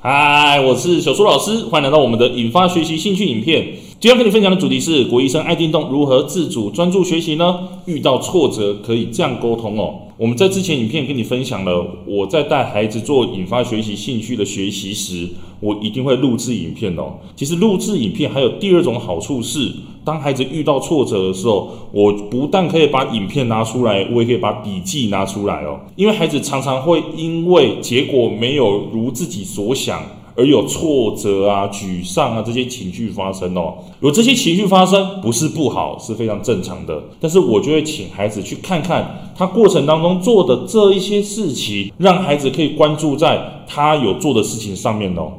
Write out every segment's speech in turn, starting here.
嗨，Hi, 我是小蘇老師，歡迎來到我們的引發學習興趣影片。今天跟你分享的主題是：國一生愛電動，如何自主專注學習呢？遇到挫折可以這樣溝通哦。我們在之前影片跟你分享了，我在帶孩子做引發學習興趣的學習時，我一定會錄製影片哦。其實錄製影片還有第二種好處是。當孩子遇到挫折的時候，我不但可以把影片拿出來，我也可以把筆記拿出來哦。因為孩子常常會因為結果沒有如自己所想而有挫折啊、沮喪啊這些情緒發生哦。有這些情緒發生不是不好，是非常正常的。但是我就會請孩子去看看他過程當中做的這一些事情，讓孩子可以關注在他有做的事情上面哦。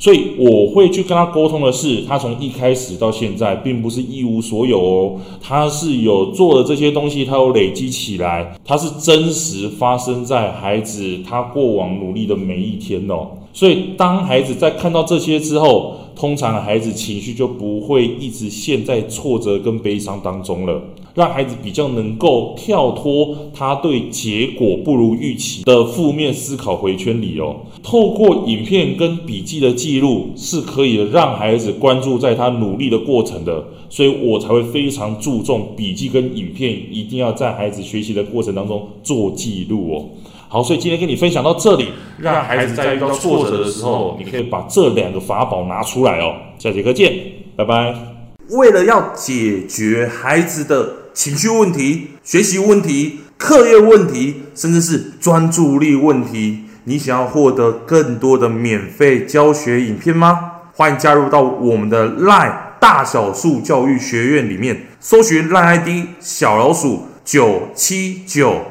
所以我會去跟他溝通的是，他從一開始到現在，並不是一無所有哦，他是有做的這些東西，他有累積起來，他是真實發生在孩子他過往努力的每一天哦，所以當孩子在看到這些之後，通常孩子情緒就不會一直陷在挫折跟悲傷當中了，讓孩子比較能夠跳脫他對結果不如預期的負面思考回圈裡哦。透過影片跟筆記的記錄是可以讓孩子關注在他努力的過程的，所以我才會非常注重筆記跟影片，一定要在孩子學習的過程當中做記錄哦。好，所以今天跟你分享到這裡，讓孩子在遇到挫折的時候，時候你可以把這兩個法寶拿出來哦。以下節課見，拜拜。為了要解決孩子的情緒問題、學習問題、課業問題，甚至是專注力問題，你想要獲得更多的免費教學影片嗎？歡迎加入到我們的 LINE 大小樹教育學院裡面，搜尋 LINE ID 小老鼠九七九。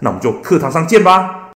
那我們就課堂上見吧。